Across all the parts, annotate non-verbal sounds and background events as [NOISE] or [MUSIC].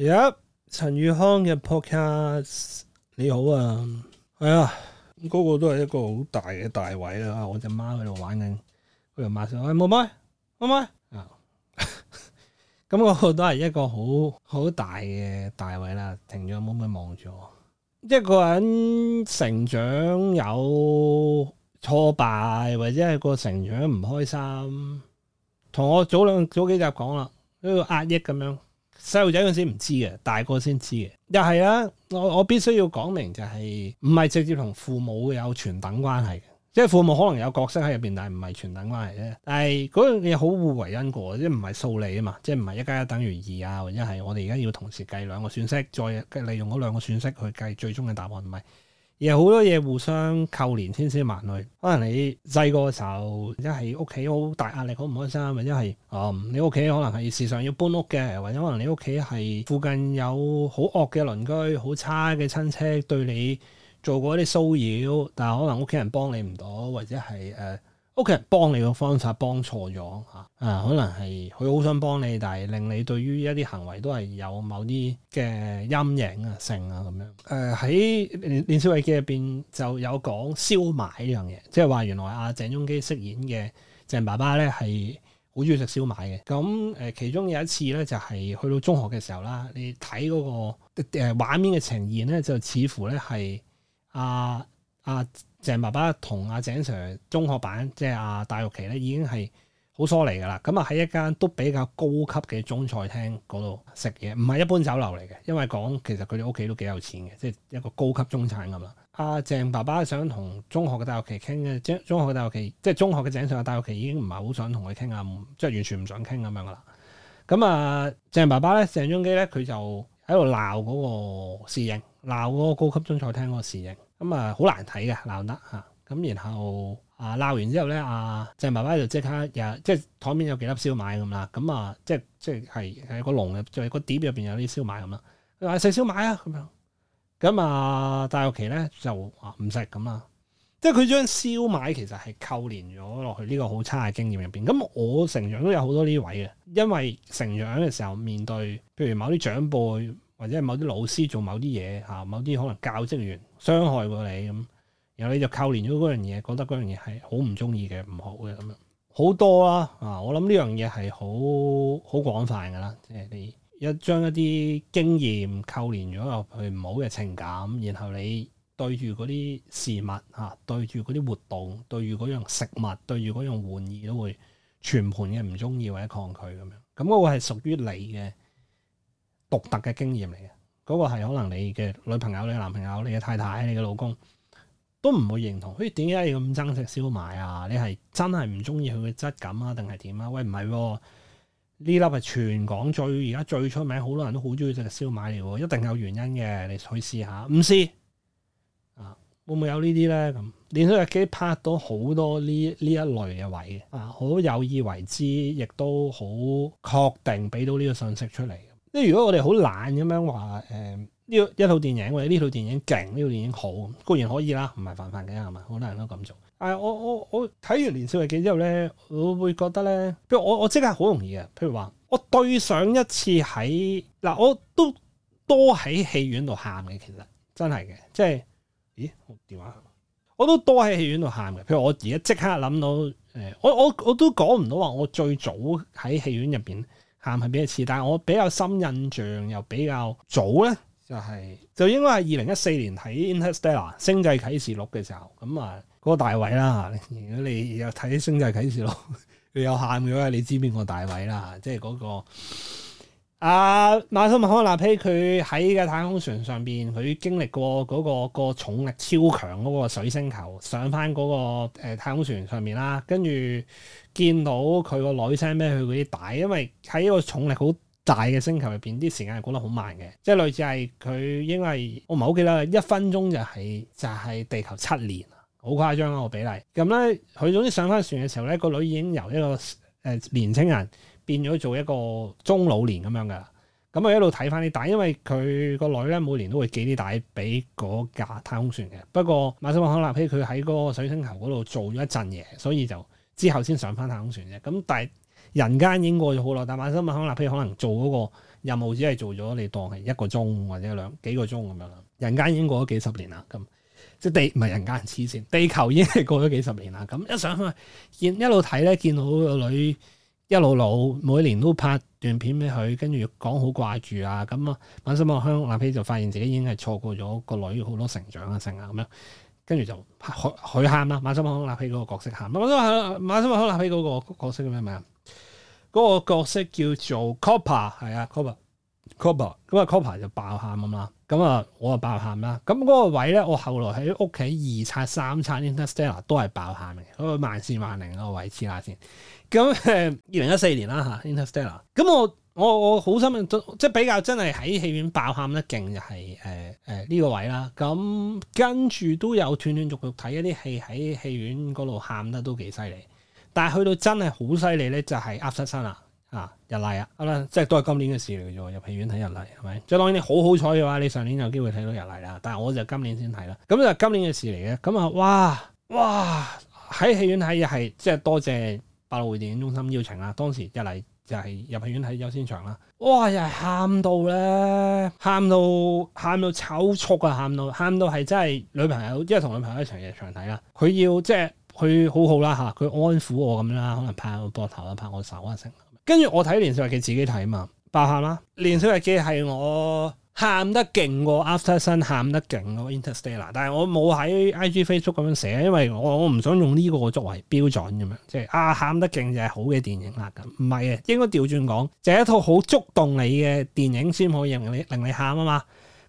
而家陳宇康嘅 podcast，你好啊，係、哎、啊，嗰、嗰個哎、 [LAUGHS] 個都係一個好大嘅大位啦。我隻貓喺度玩緊，佢又馬上喂妹妹，妹妹啊，咁嗰個都係一個好好大嘅大位啦。停咗，妹妹望住，一個人成長有挫敗，或者係個成長唔開心，同我早兩早幾集講啦，呢個壓抑咁樣。細路仔嗰時唔知嘅，大個先知嘅。又係啊，我我必須要講明就係唔係直接同父母有全等關係，即係父母可能有角色喺入邊，但係唔係全等關係啫。但係嗰樣嘢好互為因果，即係唔係數理啊嘛，即係唔係一加一等於二啊，或者係我哋而家要同時計兩個損失，再利用嗰兩個損失去計最終嘅答案，唔係。而好多嘢互相扣連千絲萬縷，可能你細個嘅時候，一係屋企好大壓力，好唔開心，或者係，嗯，你屋企可能係時常要搬屋嘅，或者可能你屋企係附近有好惡嘅鄰居，好差嘅親戚對你做過一啲騷擾，但係可能屋企人幫你唔到，或者係，誒、呃。屋企人幫你嘅方法幫錯咗嚇，誒、啊、可能係佢好想幫你，但係令你對於一啲行為都係有某啲嘅陰影啊、性啊咁樣。誒、呃、喺《年少日記》入邊就有講燒賣呢樣嘢，即係話原來阿、啊、鄭中基飾演嘅鄭爸爸咧係好中意食燒賣嘅。咁誒、呃、其中有一次咧就係、是、去到中學嘅時候啦，你睇嗰、那個誒畫、呃、面嘅呈現咧，就似乎咧係阿。啊阿、啊、鄭爸爸同阿、啊、鄭 Sir 中學版，即係阿戴玉琪咧，已經係好疏離噶啦。咁啊，喺一間都比較高級嘅中菜廳嗰度食嘢，唔係一般酒樓嚟嘅。因為講其實佢哋屋企都幾有錢嘅，即係一個高級中產咁啦。阿鄭爸爸想同中學嘅戴玉琪傾嘅，中中學嘅戴玉琪，即係中學嘅鄭 Sir 戴玉琪已經唔係好想同佢傾啊，即係完全唔想傾咁樣噶啦。咁啊，鄭爸爸咧、啊，鄭中基咧，佢就喺度鬧嗰個侍應，鬧嗰個高級中菜廳嗰個侍應。咁、嗯、啊，好難睇嘅鬧得嚇，咁然後啊鬧完之後咧，阿鄭媽媽就即刻又即係台面有幾粒燒賣咁啦，咁、嗯、啊即係即係係係個籠入、嗯啊啊嗯啊，就係個碟入邊有啲燒賣咁啦。佢話食燒賣啊，咁樣，咁啊戴六期咧就唔食咁啊，即係佢將燒賣其實係扣連咗落去呢個好差嘅經驗入邊。咁、嗯、我成長都有好多呢位嘅，因為成長嘅時候面對譬如某啲長輩或者係某啲老師做某啲嘢嚇，某啲可能教職員。傷害過你咁，然後你就扣連咗嗰樣嘢，覺得嗰樣嘢係好唔中意嘅，唔好嘅咁樣，好多啦啊！我諗呢樣嘢係好好廣泛噶啦，即係你一將一啲經驗扣連咗入去唔好嘅情感，然後你對住嗰啲事物吓、啊，對住嗰啲活動，對住嗰樣食物，對住嗰樣玩意都會全盤嘅唔中意或者抗拒咁樣，咁嗰個係屬於你嘅獨特嘅經驗嚟嘅。嗰個係可能你嘅女朋友、你嘅男朋友、你嘅太太、你嘅老公都唔會認同。喂，點解你咁憎食燒賣啊？你係真係唔中意佢嘅質感啊，定係點啊？喂，唔係喎，呢粒係全港最而家最出名，好多人都好中意食燒賣嚟喎，一定有原因嘅。你去試下，唔試啊？會唔會有呢啲呢？咁連佢嘅機拍到好多呢呢一類嘅位啊，好有意為之，亦都好確定俾到呢個信息出嚟。即係如果我哋好懶咁樣話，誒、呃、呢一套電影或者呢套電影勁，呢套電影好固然可以啦，唔係犯法嘅，係咪？好多人都咁做。但我我我睇完《年少日記》之後咧，我會覺得咧，譬如我我即刻好容易嘅，譬如話我對上一次喺嗱、呃，我都多喺戲院度喊嘅，其實真係嘅，即係咦電話？我都多喺戲院度喊嘅。譬如我而家即刻諗到，誒、呃、我我我都講唔到話，我最早喺戲院入邊。喊係邊一次，但係我比較深印象又比較早咧，就係、是、就應該係二零一四年睇《Interstellar》星際啟示錄嘅時候，咁啊嗰個大位啦，如果你有睇《星際啟示錄，》 [LAUGHS] 你有喊嘅話，你知邊個大位啦，即係嗰個。啊！馬修麥康納希佢喺嘅太空船上邊，佢經歷過嗰、那個那個重力超強嗰個水星球，上翻嗰、那個、呃、太空船上面啦，跟住見到佢個女聲咩，佢嗰啲帶，因為喺一個重力好大嘅星球入邊，啲時間係過得好慢嘅，即係類似係佢因為我唔係好記得，一分鐘就係、是、就係、是、地球七年，好誇張個、啊、比例。咁、嗯、咧，佢總之上翻船嘅時候咧，個女已經由一個誒、呃、年青人。變咗做一個中老年咁樣嘅，咁啊一路睇翻啲帶，因為佢個女咧每年都會寄啲帶俾嗰架太空船嘅。不過馬修麥康納菲佢喺嗰個水星球嗰度做咗一陣嘢，所以就之後先上翻太空船嘅。咁但係人間已經過咗好耐，但係馬修麥康納菲可能做嗰個任務只係做咗你當係一個鐘或者兩幾個鐘咁樣。人間已經過咗幾十年啦，咁即地唔係人間，黐線，地球已經係過咗幾十年啦。咁一上去，見一路睇咧，見到個女，一路路每年都拍段片俾佢，跟住講好掛住啊咁啊！馬修麥康納希就發現自己已經係錯過咗個女好多成長啊成啊咁樣，跟住就佢喊啦！馬修麥康納希嗰個角色喊，我都係馬修麥康納希嗰、那個、個，個，個，個角色叫咩名啊？嗰個角色叫做 Copper，係啊 Copper。Cooper，咁啊 Cooper 就爆喊吖嘛。咁啊我啊爆喊啦，咁嗰個位咧，我後來喺屋企二刷三刷 Interstellar 都係爆喊嘅，嗰、那個萬線萬靈嗰、呃就是呃呃這個位置下先。咁二零一四年啦吓，Interstellar，咁我我我好心都即係比較真係喺戲院爆喊得勁就係誒誒呢個位啦。咁跟住都有斷斷續續睇一啲戲喺戲院嗰度喊得都幾犀利，但係去到真係好犀利咧就係 u p s t a i 啊！日麗啊，咁啦，即係都係今年嘅事嚟嘅啫。入戲院睇日麗係咪？即係當然你好好彩嘅話，你上年有機會睇到日麗啦。但係我就今年先睇啦。咁就今年嘅事嚟嘅。咁啊，哇哇喺戲院睇又係，即係多謝百老匯電影中心邀請啦。當時日麗就係入戲院睇優先場啦。哇！又係喊到咧，喊到喊到抽搐啊，喊到喊到係真係女朋友，即係同女朋友一齊日場睇啦。佢要即係佢好好啦嚇，佢安撫我咁啦，可能拍我膊頭啊，拍我手啊跟住我睇《年少日記》自己睇啊嘛，爆喊啦！《年少日記》係我喊得勁過 Aftersun 喊得勁過 Interstellar。但係我冇喺 IG、Facebook 咁樣寫，因為我我唔想用呢個作為標準咁樣，即係啊喊得勁就係好嘅電影啊咁。唔係啊，應該調轉講，係、就係、一套好觸動你嘅電影先可以令你令你喊啊嘛。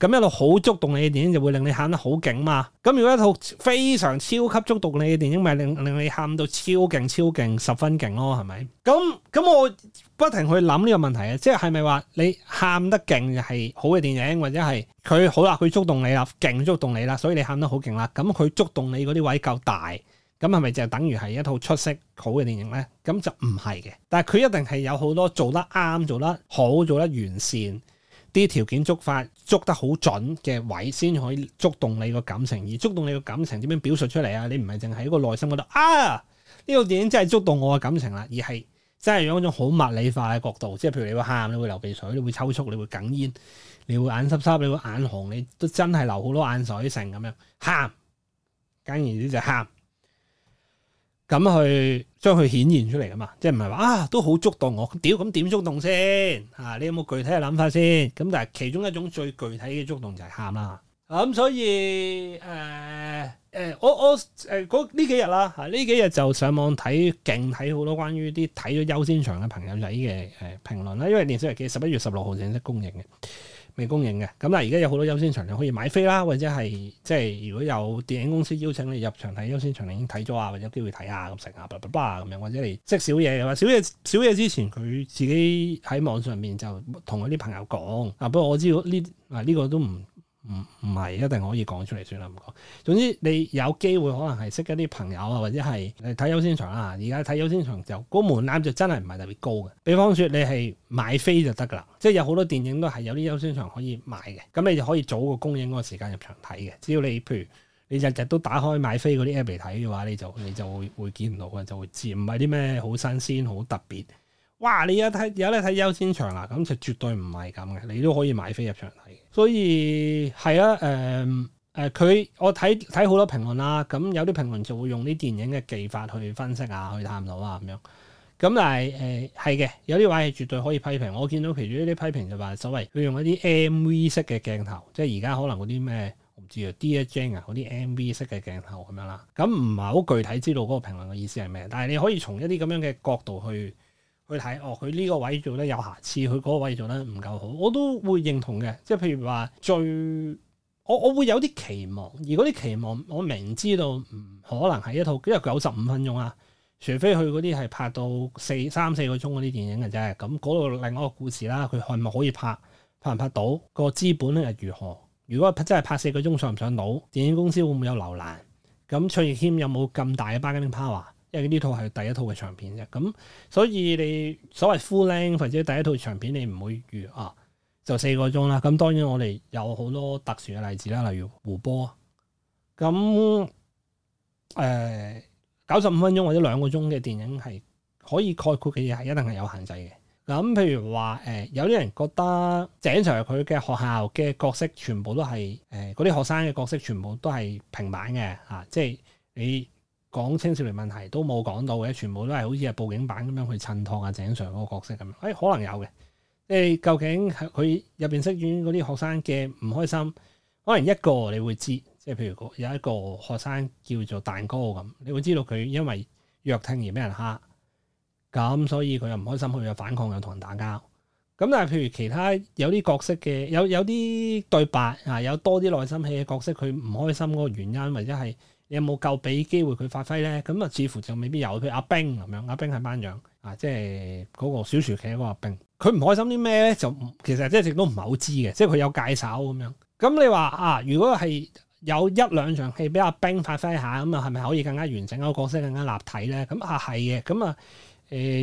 咁一套好觸動你嘅電影就會令你喊得好勁嘛？咁如果一套非常超級觸動你嘅電影，咪令令你喊到超勁超勁十分勁咯，係咪？咁咁我不停去諗呢個問題嘅，即係係咪話你喊得勁就係好嘅電影，或者係佢好啦，佢觸動你啦，勁觸動你啦，所以你喊得好勁啦。咁佢觸動你嗰啲位夠大，咁係咪就等於係一套出色好嘅電影咧？咁就唔係嘅，但係佢一定係有好多做得啱、做得好、做得完善。啲條件觸發捉得好準嘅位先可以觸動你個感情，而觸動你個感情點樣表述出嚟啊？你唔係淨係一個內心嗰度啊！呢套電影真係觸動我嘅感情啦，而係真係用一種好物理化嘅角度，即係譬如你會喊，你會流鼻水，你會抽搐，你會哽咽，你會眼濕濕，你會眼紅，你都真係流好多眼水成咁樣喊，簡言之就喊。咁去將佢顯現出嚟啊嘛，即係唔係話啊都好觸動我屌？屌咁點觸動先？嚇、啊、你有冇具體嘅諗法先？咁但係其中一種最具體嘅觸動就係喊啦。咁、嗯嗯、所以誒誒、呃呃，我我誒呢、呃、幾日啦嚇呢幾日就上網睇勁睇好多關於啲睇咗優先場嘅朋友仔嘅誒評論啦，因為年少日記十一月十六號正式公映嘅。未供應嘅，咁但係而家有好多優先場就可以買飛啦，或者係即係如果有電影公司邀請你入場睇優先場，你已經睇咗啊，或者有機會睇下，咁食啊，叭叭叭咁樣，或者你識小嘢嘅話，小嘢小嘢之前佢自己喺網上面就同嗰啲朋友講啊，不過我知道呢啊呢、呢個都唔。唔唔係一定可以講出嚟，算啦，唔講。總之你有機會可能係識一啲朋友啊，或者係誒睇優先場啦。而家睇優先場就嗰門檻就真係唔係特別高嘅。比方說你係買飛就得噶啦，即係有好多電影都係有啲優先場可以買嘅。咁你就可以早個公映嗰個時間入場睇嘅。只要你譬如你日日都打開買飛嗰啲 app 嚟睇嘅話，你就你就會會見到嘅，就會知唔係啲咩好新鮮好特別。哇！你而家睇，而家睇優先場啦，咁就絕對唔係咁嘅，你都可以買飛入場睇。所以係啊。誒誒，佢、嗯呃、我睇睇好多評論啦，咁、嗯、有啲評論就會用啲電影嘅技法去分析啊，去探討啊咁樣。咁、嗯、但係誒係嘅，有啲話係絕對可以批評。我見到其中一啲批評就話，所謂佢用一啲 MV 式嘅鏡頭，即係而家可能嗰啲咩我唔知啊，D J 啊嗰啲 MV 式嘅鏡頭咁樣啦。咁唔係好具體知道嗰個評論嘅意思係咩，但係你可以從一啲咁樣嘅角度去。去睇哦，佢呢個位做得有瑕疵，佢嗰個位做得唔夠好，我都會認同嘅。即係譬如話最，我我會有啲期望，而嗰啲期望我明知道唔可能係一套，因為九十五分鐘啊，除非佢嗰啲係拍到四三四個鐘嗰啲電影嘅啫。咁嗰度另外一個故事啦，佢係咪可以拍，拍唔拍到、個資本咧如何？如果真係拍四個鐘上唔上到，電影公司會唔會有留難？咁卓亦謙有冇咁大嘅 bargaining power？因為呢套係第一套嘅長片啫，咁所以你所謂 full length 或者第一套長片你，你唔會預啊，就四個鐘啦。咁當然我哋有好多特殊嘅例子啦，例如胡波，咁誒九十五分鐘或者兩個鐘嘅電影係可以概括嘅嘢係一定係有限制嘅。咁譬如話誒、呃，有啲人覺得井上佢嘅學校嘅角色全部都係誒嗰啲學生嘅角色全部都係平板嘅嚇、啊，即係你。講青少年問題都冇講到嘅，全部都係好似係報警版咁樣去襯托阿井上嗰個角色咁。誒，可能有嘅，即係究竟佢入邊飾演嗰啲學生嘅唔開心，可能一個你會知，即係譬如有一個學生叫做蛋糕咁，你會知道佢因為弱聽而俾人蝦，咁所以佢又唔開心，佢又反抗，又同人打交。咁但係譬如其他有啲角色嘅，有有啲對白啊，有多啲內心戲嘅角色，佢唔開心嗰個原因或者係。有冇夠俾機會佢發揮咧？咁啊，似乎就未必有。譬如阿冰咁，啊，樣，阿冰係班長啊，即係嗰個小廚企嗰個阿冰，佢唔開心啲咩咧？就其實即係一直都唔係好知嘅，即係佢有介紹咁樣。咁，嗯，你話啊，如果係有一兩場戲俾阿冰發揮下，咁啊，係咪可以更加完整個角色更加立體咧？咁啊，係嘅。咁啊，誒、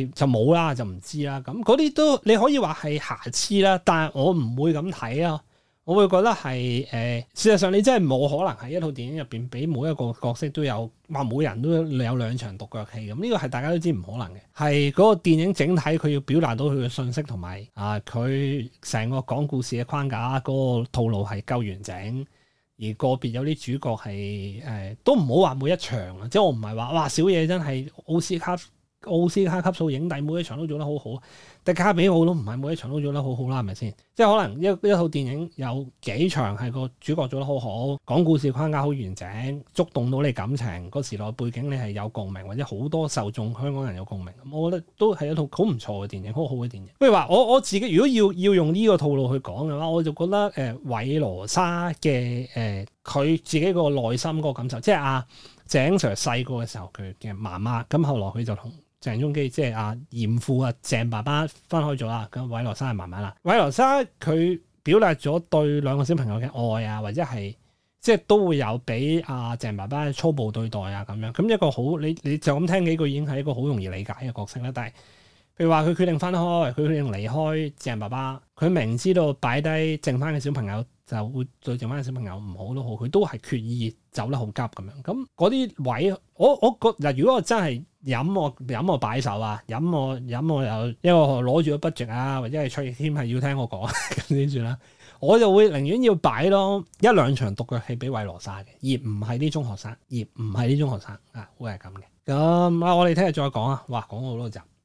呃、就冇啦，就唔知啦。咁嗰啲都你可以話係瑕疵啦，但係我唔會咁睇啊。我會覺得係誒、呃，事實上你真係冇可能喺一套電影入邊，俾每一個角色都有，話每人都有兩場獨腳戲咁。呢、這個係大家都知唔可能嘅，係嗰個電影整體佢要表達到佢嘅信息同埋啊，佢成個講故事嘅框架嗰、那個套路係夠完整，而個別有啲主角係誒、呃，都唔好話每一場啊，即係我唔係話哇，小嘢真係奧斯卡。奧斯卡級數影帝每一場都做得好好，迪卡比奧都唔係每一場都做得好好啦，係咪先？即係可能一一套電影有幾場係個主角做得好好，講故事框架好完整，觸動到你感情，個時代背景你係有共鳴，或者好多受眾香港人有共鳴。我覺得都係一套好唔錯嘅電影，好好嘅電影。不如話我我自己如果要要用呢個套路去講嘅話，我就覺得誒韋羅莎嘅誒佢自己個內心嗰個感受，即係阿井 Sir 細個嘅時候佢嘅媽媽，咁後來佢就同。鄭中基即係阿嚴父阿、啊、鄭爸爸分開咗啦，咁韋羅莎係媽媽啦。韋羅莎佢表達咗對兩個小朋友嘅愛啊，或者係即係都會有俾阿鄭爸爸粗暴對待啊，咁樣咁一個好你你就咁聽幾句已經係一個好容易理解嘅角色啦。但係譬如話佢決定分開，佢決定離開鄭爸爸，佢明知道擺低剩翻嘅小朋友就會對剩翻嘅小朋友唔好都好，佢都係決意走得好急咁樣。咁嗰啲位我我覺嗱，如果我真係。飲我飲我擺手啊！飲我飲我又，因為我攞住咗 budget 啊，或者係崔謙係要聽我講，咁 [LAUGHS] 先算啦、啊。我就會寧願要擺咯，一兩場獨腳戲俾韋羅沙嘅，而唔係呢種學生，而唔係呢種學生啊，會係咁嘅。咁、嗯、啊，我哋聽日再講啊，哇，講好多集。